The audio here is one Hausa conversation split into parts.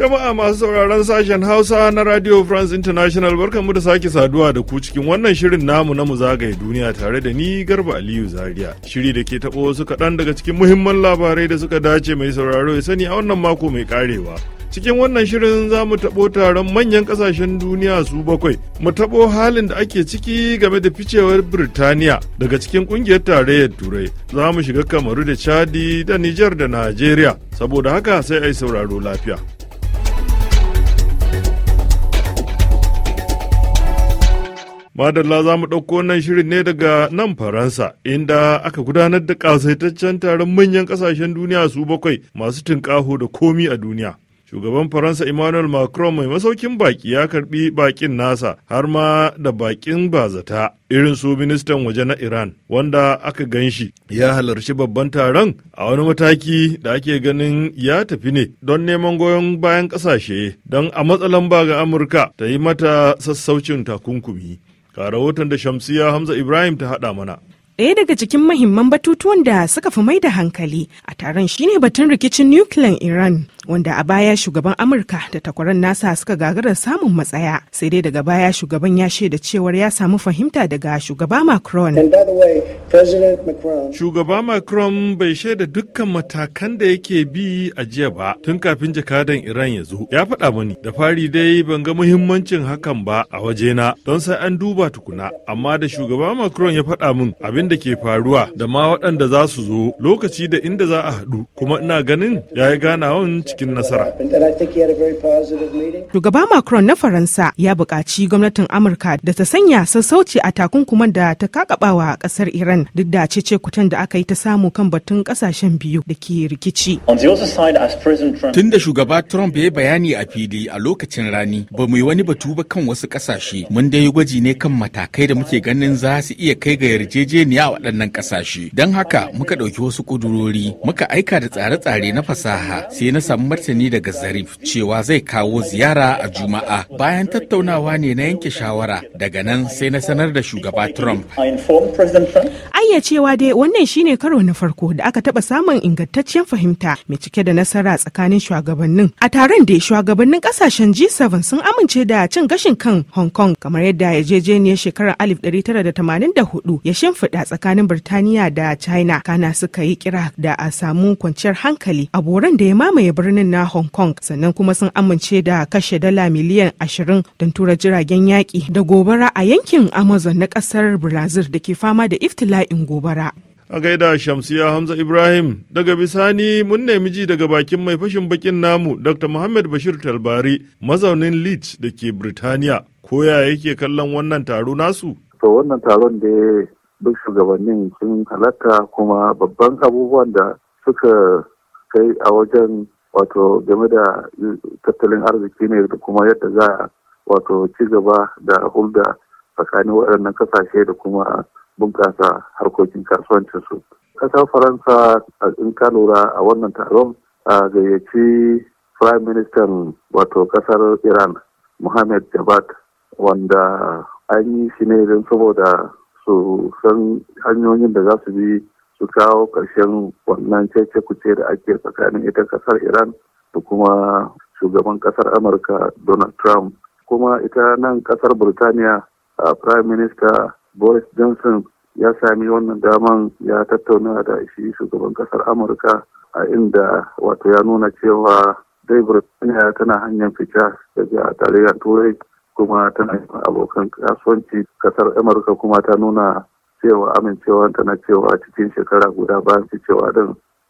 Jama'a masu sauraron sashen Hausa na Radio France International barkanmu da sake saduwa da ku cikin wannan shirin namu na mu zagaye duniya tare da ni Garba Aliyu Zaria. Shiri da ke taɓo wasu kaɗan daga cikin muhimman labarai da suka dace mai sauraro ya sani a wannan mako mai karewa. Cikin wannan shirin za mu taɓo taron manyan ƙasashen duniya su bakwai, mu taɓo halin da ake ciki game da ficewar Birtaniya daga cikin ƙungiyar tarayyar Turai, za mu shiga Kamaru da Chadi da Nijar da Najeriya, saboda haka sai a sauraro lafiya. Madalla za mu ɗauko wannan shirin ne daga nan Faransa, inda aka gudanar da ƙasaitaccen taron manyan ƙasashen duniya su bakwai masu tunƙaho da komi a duniya. Shugaban Faransa Emmanuel Macron mai masaukin baki ya karbi bakin nasa har ma da bakin bazata irin su ministan waje na Iran wanda aka ganshi ya halarci babban taron a wani mataki da ake ganin ya tafi ne don neman goyon bayan kasashe don a matsalan ba ga Amurka ta yi mata sassaucin takunkumi. Ga rahoton da Shamsiya Hamza Ibrahim ta haɗa mana. Ɗaya daga cikin mahimman batutuwan da suka fi mai da hankali a taron shine batun rikicin nukiliyan Iran wanda a baya shugaban amurka da takwaran nasa suka gagarar samun matsaya sai dai daga baya shugaban ya shaida cewar ya samu fahimta daga shugaba macron shugaba macron bai shaida dukkan matakan da yake bi a jiya ba tun kafin jakadan iran ya zo ya faɗa mani da fari dai ban ga muhimmancin hakan ba a wajena don sai an duba tukuna amma da shugaba macron ya faɗa min abin da ke faruwa da ma waɗanda za su zo lokaci da inda za a haɗu kuma ina ganin ya yi ganawan cikin nasara. Shugaba Macron na Faransa ya buƙaci gwamnatin Amurka da ta sanya sassauci a takunkuman da ta kakabawa ƙasar Iran duk da cece kutan da aka yi ta samu kan batun ƙasashen biyu da ke rikici. Tun da shugaba Trump ya yi bayani a fili a lokacin rani ba mu yi wani batu ba kan wasu ƙasashe mun dai yi gwaji ne kan matakai da muke ganin za su iya kai ga yarjejeniya a waɗannan ƙasashe. Don haka muka ɗauki wasu ƙudurori muka aika da tsare-tsare na fasaha sai na samu samu martani daga Zarif cewa zai kawo ziyara a Juma'a bayan tattaunawa ne na yanke shawara daga nan sai na sanar da shugaba Trump. Ayya cewa dai wannan shine karo na farko da aka taba samun ingantaccen fahimta mai cike da nasara tsakanin shugabannin. A taron da shugabannin kasashen G7 sun amince da cin gashin kan Hong Kong kamar yadda yarjejeniyar shekarar 1984 ya shimfiɗa tsakanin Birtaniya da China kana suka yi kira da a samu kwanciyar hankali a boran da ya mamaye birnin birnin na Hong Kong sannan kuma sun amince da kashe dala miliyan 20 don tura jiragen yaƙi da gobara a yankin Amazon na ƙasar Brazil da ke fama da iftila'in gobara. a gaida shamsiya hamza ibrahim daga bisani mun nemi ji daga bakin mai fashin bakin namu dr muhammad bashir talbari mazaunin leeds da ke birtaniya koya yake kallon wannan taro nasu to wannan taron da duk shugabannin sun halatta kuma babban abubuwan da suka kai a wajen wato game da tattalin arziki ne da kuma yadda za a wato ci gaba da hulda tsakanin waɗannan kasashe da kuma bunƙasa harkokin kasuwancinsu. Ƙasar Faransa in ka lura a wannan taron a gayyaci Prime Minister wato ƙasar Iran Mohammed Jabat wanda an yi shi ne don saboda su san hanyoyin da za su bi su kawo ƙarshen wannan cece kuce da ake tsakanin ita ƙasar iran da kuma shugaban ƙasar amurka donald trump kuma ita nan ƙasar burtaniya a prime minister boris johnson ya sami wannan daman ya tattauna da shi shugaban ƙasar amurka a inda wato ya nuna cewa dai burtaniya tana hanyar fita daga tarayyar turai kuma tana abokan kasuwanci ƙasar amurka kuma ta nuna cewa amincewanta na cewa cikin shekara guda bayan cewa din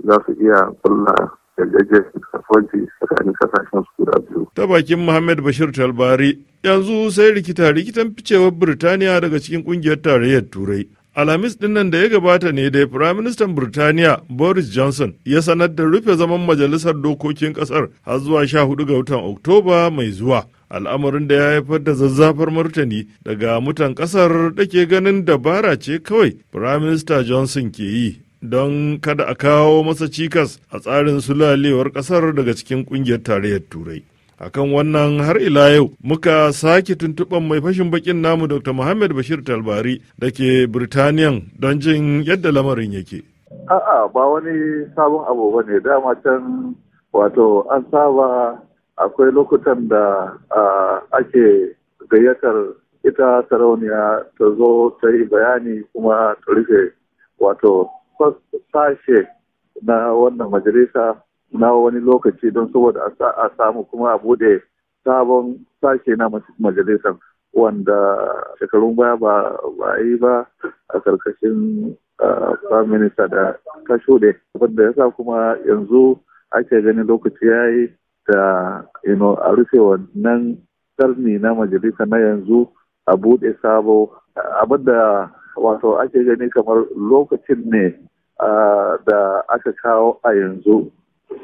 za su iya kulla yarjejeniyar kasuwanci tsakanin kasashen su guda biyu. Ta bakin Muhammad Bashir Talbari yanzu sai rikita rikitan ficewar Birtaniya daga cikin kungiyar tarayyar Turai. Alhamis din nan da ya gabata ne da Firaministan Birtaniya Boris Johnson ya sanar da rufe zaman majalisar dokokin kasar har zuwa 14 ga watan Oktoba mai zuwa. al'amarin da ya haifar da zazzafar martani daga mutan kasar da ke ganin dabara ce kawai firaminista johnson ke yi don kada a kawo masa cikas a tsarin sulalewar kasar daga cikin kungiyar tarayyar turai akan wannan har ila yau muka sake tuntuɓan mai fashin bakin namu dr muhammad bashir talbari da ke birtaniyan don jin yadda lamarin yake a'a ba wani sabon abu ba ne dama can wato an saba akwai lokutan da ake gayyatar ita sarauniya ta zo ta yi bayani kuma ta rufe wato sashe na wannan majalisa na wani lokaci don saboda a samu kuma a bude sabon sashe na majalisar wanda shekarun baya ba a yi ba a karkashin prime minister da ta shuɗe wanda ya sa kuma yanzu ake ganin lokaci ya yi da you know, a rufe wannan karni na majalisa na yanzu a buɗe sabo da wato ake gani kamar lokacin ne ah, da aka kawo a yanzu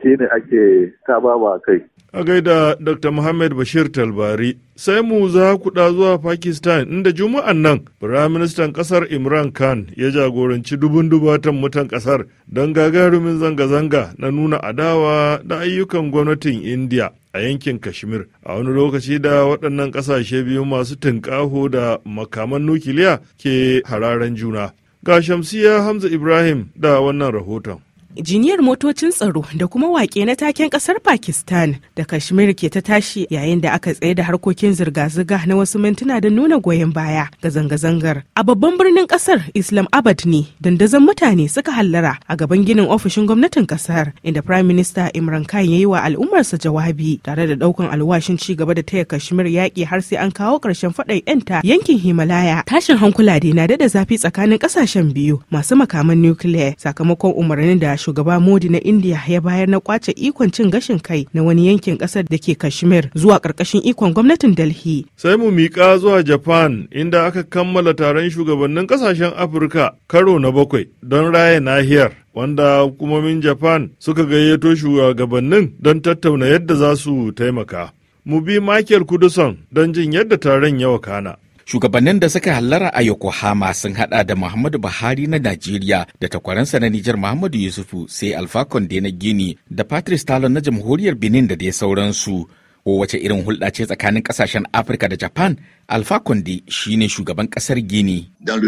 shine ake ta kai. A gaida Dr. Muhammad Bashir Talbari, sai mu za ku kuɗa zuwa Pakistan inda juma'an nan Firaministan ƙasar Imran Khan ya jagoranci dubun dubatan mutan ƙasar don gagarumin zanga-zanga na nuna adawa da ayyukan gwamnatin India a yankin Kashmir. A wani lokaci da waɗannan ƙasashe biyu masu tunƙaho da makaman nukiliya ke hararen juna. Ga Shamsiya Hamza Ibrahim da wannan rahoton. jiniyar motocin tsaro da kuma wake na taken kasar pakistan da kashmir ke ta tashi yayin da aka tsaye da harkokin zirga-zirga na wasu mintuna da nuna goyon baya ga zanga-zangar a babban birnin kasar islam abad ne dandazon mutane suka hallara a gaban ginin ofishin gwamnatin kasar inda prime minister imran khan ya yi wa al'ummarsa jawabi tare da daukan alwashin ci gaba da taya kashmir yaƙi har sai an kawo ƙarshen faɗan yanta yankin himalaya tashin hankula dai na daɗa zafi tsakanin ƙasashen biyu masu makaman nukiliya sakamakon umarnin da shugaba modi na india ya bayar na kwace ikon cin gashin kai na wani yankin kasar da ke kashmir zuwa karkashin ikon gwamnatin delhi sai mu miƙa zuwa japan inda aka kammala taron shugabannin kasashen afirka karo na bakwai don raya nahiyar wanda hukumomin japan suka gayyato shugabannin don tattauna yadda za su taimaka mu bi michael kuduson don jin yadda taron ya wakana Shugabannin da suka hallara a Yokohama sun hada da Muhammadu Buhari na Najeriya da takwaransa na Nijar Muhammadu Yusufu sai Alfa Conde na Gini da Patrice Talon na Jamhuriyar Benin da dai sauransu. ko wace irin hulɗa ce tsakanin ƙasashen Afirka da Japan, Alpha Conde shine shugaban ƙasar Gini. Euh,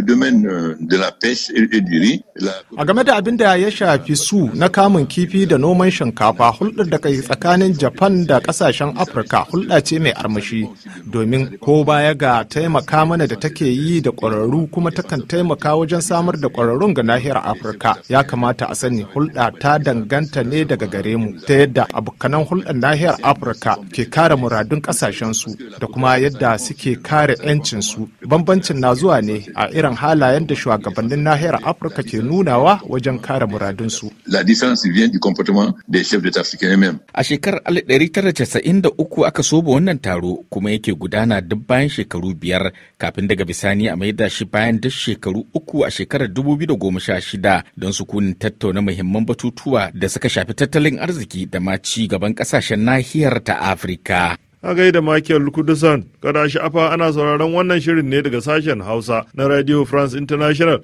a game da abin da ya shafi su na kamun kifi da noman shinkafa hulɗar da kai tsakanin Japan da ƙasashen Afirka hulɗa ce mai armashi domin ko baya ga taimaka mana da take yi da ƙwararru kuma takan taimaka wajen samar da ƙwararrun ga nahiyar Afirka ya kamata a sani hulɗa ta danganta ne daga gare mu ta yadda abokanan hulɗar nahiyar Afirka ke kare muradun ƙasashensu da kuma yadda suke kare 'yancinsu. Bambancin na zuwa ne a irin halayen da shugabannin nahiyar Afirka ke nunawa wajen kare muradunsu. A shekarar 1993 aka soba wannan taro kuma yake gudana duk bayan shekaru biyar kafin daga bisani a maida shi bayan duk shekaru uku a shekarar 2016 don sukunin tattauna muhimman batutuwa da suka shafi tattalin arziki da ma ci gaban kasashen nahiyar ta Afirka. Amurka. A gaida Michael Kudusan, kada sha'afa ana sauraron wannan shirin ne daga sashen Hausa na Radio France International.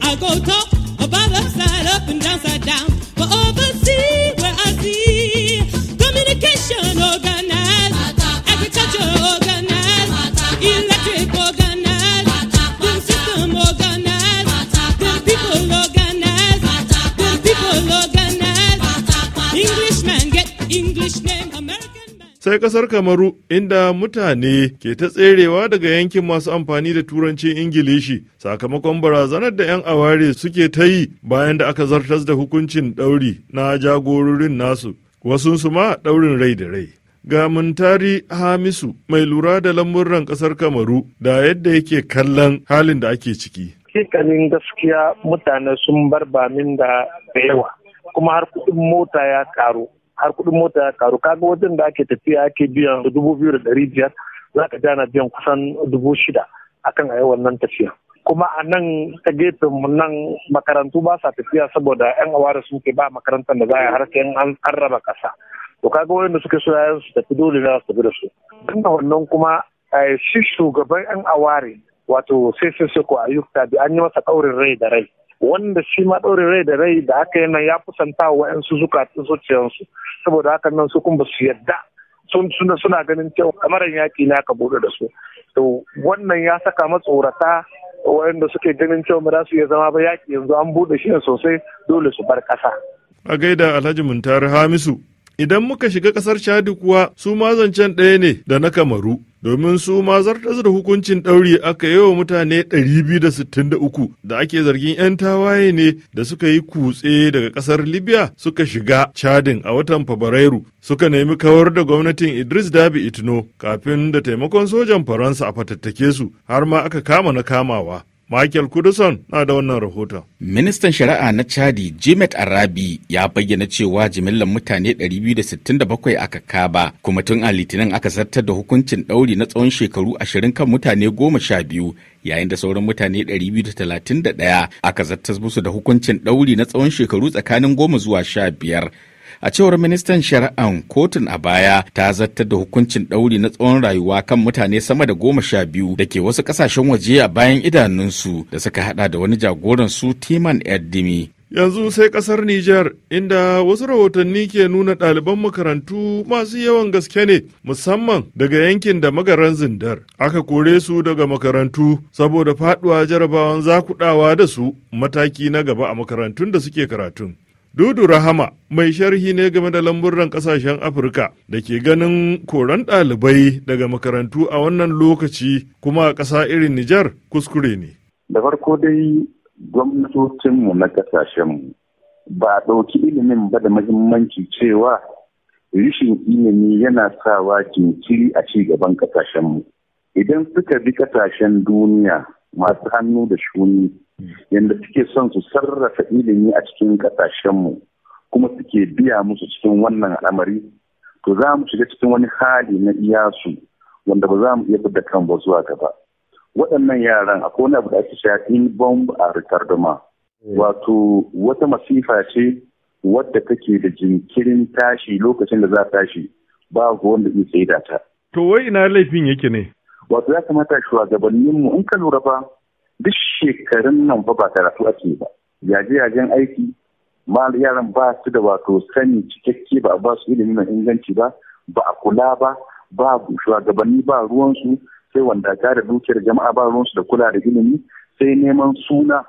I go talk sai kasar kamaru inda mutane ke ta tserewa daga yankin masu amfani da turancin ingilishi sakamakon barazanar da 'yan aware suke ta yi bayan da aka zartas da hukuncin ɗauri na jagororin nasu wasu su ma ɗaurin rai da rai ga muntari hamisu mai lura da lamurran kasar kamaru da yadda yake kallon halin da ake ciki hakikanin gaskiya mutane sun bar bamin da yawa kuma har kuɗin mota ya karu har kuɗin mota ya karu kaga wajen da ake tafiya ake biyan dubu biyu da ɗari biyar za ka jana biyan kusan dubu shida akan a yi wannan tafiya. kuma a nan ta gefen mu nan makarantu ba sa tafiya saboda yan awara ke ba makarantar da za a harka an raba kasa to kaga da suke so yayin su tafi dole za su tafi da su da wannan kuma eh, shi shugaban yan aware wato sai sai ko ayyuka bi an yi masa ɗaurin rai da rai wanda shi ma ɗaure rai da rai da aka yana ya kusanta wa su zukatun zuciyarsu saboda haka nan su kuma su yadda suna ganin cewa kamaran yaƙi na aka buɗe da su to wannan ya saka matsorata waɗanda suke ganin cewa ba za su iya zama ba yaƙi yanzu an buɗe shi ne sosai dole su bar ƙasa. a gaida alhaji muntar hamisu idan muka shiga ƙasar chadi kuwa su mazan zancen ɗaya ne da na kamaru domin su ma zartas da hukuncin ɗauri aka yi wa mutane 263 da ake zargin 'yan tawaye ne da suka yi kutse daga ƙasar libya suka shiga chadin a watan fabrairu suka nemi kawar da gwamnatin idris dabi itno kafin da taimakon sojan faransa a fatattake su har ma aka kama na kamawa Michael kudusan na da wannan rahoton. Ministan Shari'a na Chadi Jimet Arabi ya bayyana cewa jimillar mutane 267 aka kaba kuma tun a litinin aka zartar da hukuncin ɗauri na tsawon shekaru 20 kan mutane 12 yayin da sauran mutane 231 aka zartar musu da hukuncin ɗauri na tsawon shekaru tsakanin 10 zuwa 15 A cewar ministan shari'an kotun a baya ta zartar da hukuncin ɗauri na tsawon rayuwa kan mutane sama da goma sha biyu da ke wasu ƙasashen waje a bayan idanunsu da suka hada da wani jagoran su Timan Eddimi. Yanzu sai ƙasar Nijar inda wasu rahotanni ke nuna ɗaliban makarantu masu yawan gaske ne musamman daga yankin da magaran zindar. Aka kore su daga makarantu saboda faɗuwa jarabawan zakuɗawa da su mataki na gaba a makarantun da suke karatun. Dudu Rahama mai sharhi ne game da lamburran kasashen Afirka da ke ganin koran ɗalibai daga makarantu a wannan lokaci kuma a ƙasa irin Nijar kuskure ne. Da farko dai gwamnatocinmu na ƙasashenmu ba ɗauki ilimin ba da mahimmanci cewa rishin ilimi yana sawa jinkiri a ci gaban ƙasashenmu. Idan suka bi ƙasashen duniya masu hannu da shuni yadda suke son su sarrafa ilimi a cikin kasashenmu kuma suke biya musu cikin wannan al'amari to za mu shiga cikin wani hali na iyasu wanda ba za mu iya fidda kan ba zuwa gaba waɗannan yaran akwai wani abu da ake cewa in bomb a retardama eh. wato wata masifa ce wadda take da jinkirin tashi lokacin da za tashi ba wanda zai tsaida ta to wai ina laifin yake ne wato ya kamata mu in ka lura ba duk shekarun nan fa ba karatu ake ba yaje-yajen aiki ma yaran ba su da wato sani cikakke ba ba su ilimi mai inganci ba ba a kula ba ba shugabanni ba ruwansu sai wanda ta da dukiyar jama'a ba ruwansu da kula da ilimi sai neman suna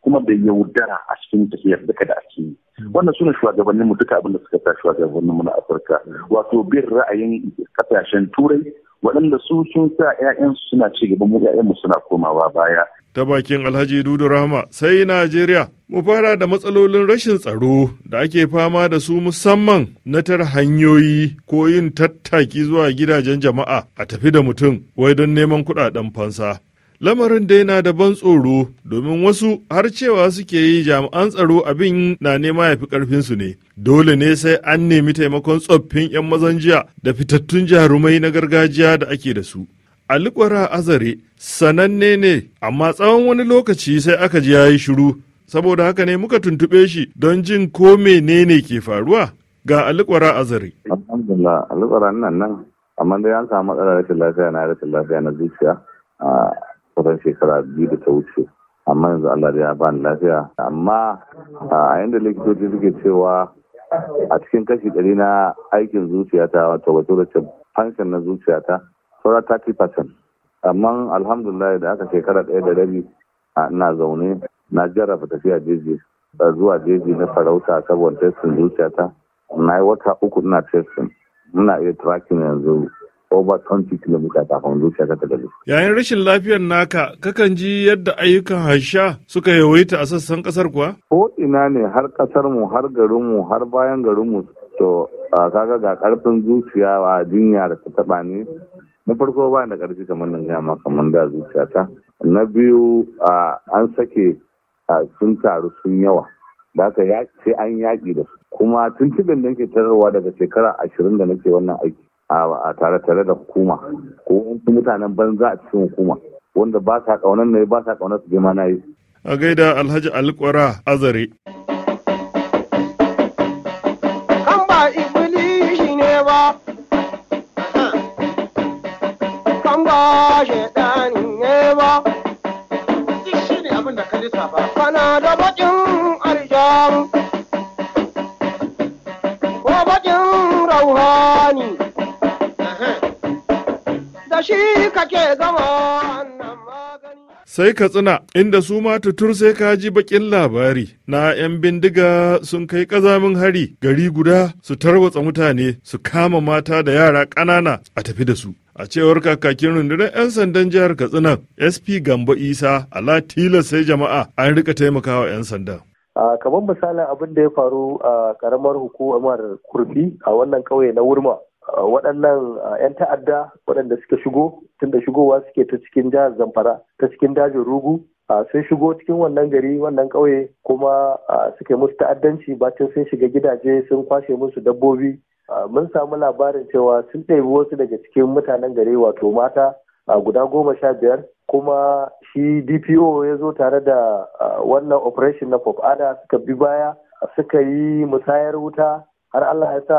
kuma da yaudara a cikin tafiyar duka da ake yi hmm. wannan suna shugabannin mu duka abin da suka sa shugabannin mu na afirka hmm. wato bin ra'ayin kasashen turai waɗanda su sun sa 'ya'yansu suna ci gaba mu 'ya'yanmu suna komawa baya. Ta bakin Alhaji Dudu Rahama sai Najeriya mu fara da matsalolin rashin tsaro da ake fama da su musamman na tar hanyoyi ko yin tattaki zuwa gidajen jama'a a tafi da mutum wai don neman kuɗaɗen fansa. Lamarin dai na da ban tsoro domin wasu har cewa suke yi jami'an tsaro abin na nema ya fi ƙarfinsu ne. Dole ne sai an nemi taimakon tsoffin 'yan mazan jiya da fitattun jarumai na gargajiya da ake da su. Alikwara Azare sananne ne amma tsawon wani lokaci sai aka ji yayi shiru saboda haka ne muka tuntuɓe shi don jin ko menene ke faruwa ga Alikwara Azare. Alhamdulillah Alikwara nan nan amma dai an samu matsala rashin lafiya na rashin lafiya na zuciya. Ah, kusan shekara biyu da ta wuce amma yanzu Allah ya bani lafiya amma a yanda likitoci suke cewa a cikin kashi ɗari na aikin zuciyata wato wato da na zuciyata saura 30% amma alhamdulillah da aka shekara ɗaya da rabi na zaune na jarraba tafiya jeji zuwa jeji na farauta saboda testin zuciyata na yi wata uku ina testin muna iya tracking yanzu over 20 kilomita kafin zuciya ta gari. Yayin rashin lafiyar naka, kakan ji yadda ayyukan hasha suka yawaita a sassan kasar kuwa? Ko ina ne har kasar mu, har garin mu, har bayan garin mu. To, kaga ga karfin zuciya a jinya da ta taba ni. Na farko ba da karfi kamar nan ma kamar da zuciyata. Na biyu an sake sun taru sun yawa. da haka sai an yaƙi da su kuma tuntuɓin da nake tararwa daga shekara ashirin da nake wannan aiki a tare tare da hukuma ko mutanen banza a cikin hukuma wanda ba sa kaunar ne ba sa kaunar su je ma na yi a gaida alhaji alƙwara azare kan ba ibilishi ne ba kan ba shaidani ne ba shi ne abin da ka lissafa kana da baƙin aljanu shi kake zama sai ka Sai Katsina, inda su ma tutur sai ka ji bakin labari na 'yan bindiga sun kai ƙazamin hari gari guda su tarwatsa mutane su kama mata da yara ƙanana a tafi da su. A cewar kakakin rundunar 'yan sandan jihar Katsina, SP Gambo Isa, ala tilas sai jama'a an rika taimakawa 'yan sandan. kamar misalin abin da ya faru a karamar hukumar kurfi a wannan kauye na wurma Uh, waɗannan uh, 'yan ta'adda waɗanda suka shigo tunda shigowa suke ta cikin jihar zamfara ta cikin dajin rugu uh, sun shigo cikin wannan gari wannan ƙauye kuma suke musu ta'addanci bacin sun shiga gidaje sun kwashe musu dabbobi mun samu labarin cewa sun ɗebi wasu daga cikin mutanen gari wato mata guda goma sha biyar kuma shi dpo ya zo tare da wannan operation na pop ada suka bi baya suka yi musayar wuta har Allah ya sa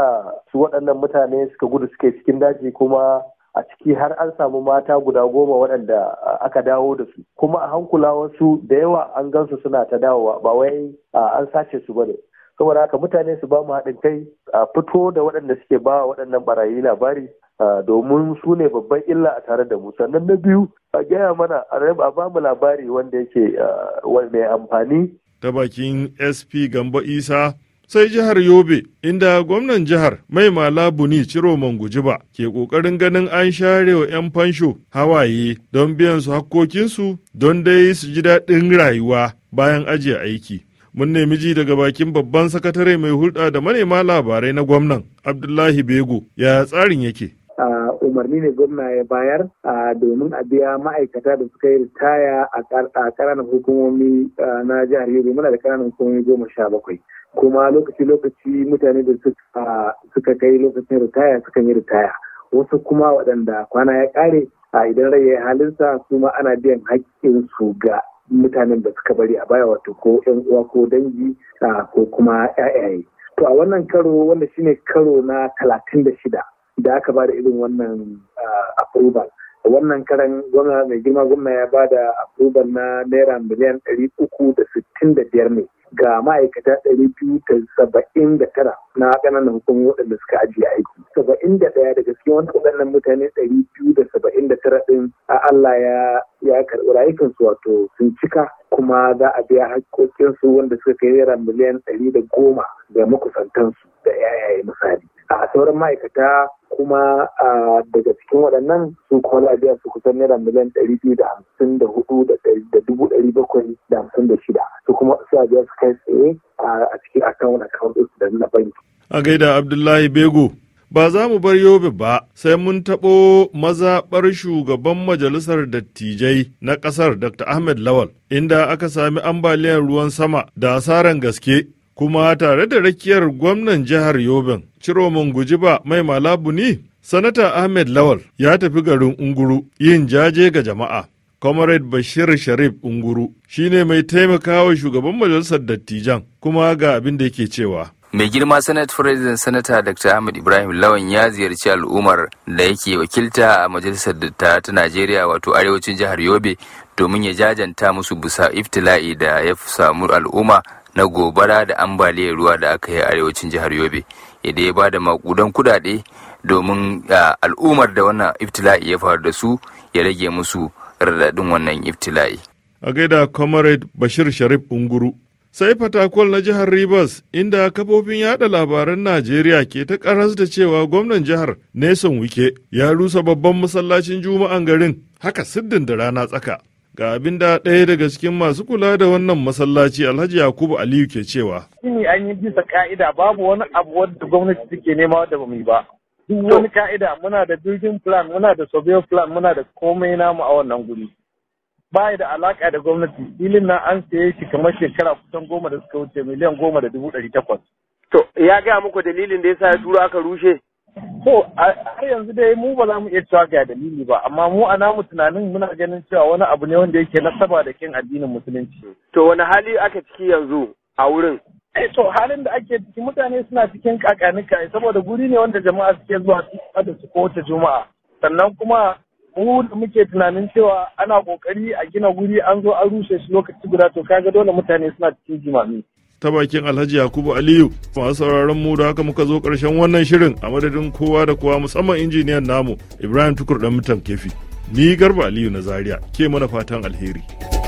su waɗannan mutane suka gudu suke cikin daji kuma a ciki har an samu mata guda goma waɗanda aka dawo da su kuma a hankula wasu da yawa an gansu suna ta dawowa ba wai an sace su ba ne saboda haka mutane su ba mu haɗin kai a fito da waɗanda suke ba waɗannan barayi labari domin su ne babban illa a tare da mu sannan na biyu a gaya mana a ba mu labari wanda yake mai amfani ta bakin sp gambo isa sai jihar yobe inda gwamnan jihar mai malabuni ciroman gujiba ke kokarin ganin an share wa 'yan fansho hawaye don biyan su hakkokinsu don dai su ji daɗin rayuwa bayan ajiye aiki mun nemi ji daga bakin babban sakatare mai hulɗa da manema labarai na gwamnan abdullahi bego ya tsarin yake umarni ne gwamna ya bayar domin a biya ma'aikata da suka yi ritaya a ƙananan hukumomi na jihar Yobe muna da ƙananan hukumomi goma sha bakwai. Kuma lokaci-lokaci mutane da suka kai lokacin ritaya suka yi ritaya. Wasu kuma waɗanda kwana ya ƙare a idan rai ya halinsa kuma ana biyan haƙƙinsu ga mutanen da suka bari a baya wato ko 'yan uwa ko dangi ko kuma 'ya'yaye. To a wannan karo wanda shine karo na talatin da shida da aka ba da irin wannan ah, approval wannan karan gwamna mai girma gwamna ya ba da approval na naira miliyan ɗari uku da sittin da biyar ne ga ma'aikata ɗari biyu da saba'in da tara na ƙananan hukumomi waɗanda suka ajiye aiki saba'in da ɗaya daga cikin wani waɗannan mutane ɗari biyu da saba'in da tara ɗin a Allah ya ya karɓi rayukansu wato sun cika kuma za a biya haƙƙoƙinsu wanda suka kai naira miliyan ɗari da goma ga makusantansu da yayaye misali a sauran ma'aikata kuma daga cikin waɗannan su kuma za a su kusan naira miliyan ɗari biyu da hamsin da hudu da dubu ɗari bakwai da hamsin da shida su kuma su a su kai tsaye a cikin akawun akawun su da na banki. a gaida abdullahi bego ba za mu bar yobe ba sai mun taɓo mazaɓar shugaban majalisar dattijai na ƙasar dr ahmed lawal inda aka sami ambaliyar ruwan sama da asaran gaske kuma tare da rakiyar gwamnan jihar yobin ciro mun guji ba mai malabu ni? Sanata Ahmed Lawal ya tafi garin Unguru yin jaje ga jama'a. Comrade Bashir Sharif Unguru shine mai taimakawa shugaban majalisar dattijan kuma ga abin da yake cewa. mai girma senate president senator dr ahmed ibrahim lawan ya ziyarci al'ummar da yake wakilta a majalisar datta ta najeriya wato arewacin jihar yobe domin ya jajanta musu bisa iftila'i da ya samu al'umma na gobara da ambaliyar ruwa da aka yi a arewacin jihar yobe ida ya ba da makudan kudade domin al'ummar da wannan iftila'i ya faru da su ya rage musu radadin wannan iftila'i. A gaida Comrade Bashir Sharif Unguru. Sai fatakwal na jihar Rivers inda kafofin yada labaran Najeriya ke ta karas da cewa gwamnan jihar Nelson Wike ya rusa babban masallacin Juma'an garin haka siddin da rana tsaka. ga abin da ɗaya daga cikin masu kula da wannan masallaci alhaji yakubu aliyu ke cewa shine an yi bisa ka'ida babu wani abu wanda gwamnati take nema da mu yi ba duk wani ka'ida muna da building plan muna da survey plan muna da komai namu a wannan guri baya da alaka da gwamnati filin na an saye shi kamar shekara kusan goma da suka wuce miliyan goma da dubu ɗari takwas to ya gaya muku dalilin da ya sa ya tura aka rushe So har yanzu dai mu ba za mu iya cewa ga dalili ba, amma mu a namu tunanin muna ganin cewa wani abu ne wanda yake nasaba da kin addinin musulunci. To, wani hali aka ciki yanzu a wurin? Eh, to halin da ake ciki mutane suna cikin kakanika saboda guri ne wanda jama'a suke zuwa da su kowace juma'a. Sannan kuma mu da muke tunanin cewa ana kokari a gina guri an zo an rushe shi lokaci guda to kaga dole mutane suna cikin jimami. ta bakin Alhaji Yakubu Aliyu. Masu sauraron mu da haka muka zo ƙarshen wannan shirin a madadin kowa da kowa musamman injiniyan namu Ibrahim Tukur dan mutan kefi. Ni Garba Aliyu na Zaria ke mana fatan alheri.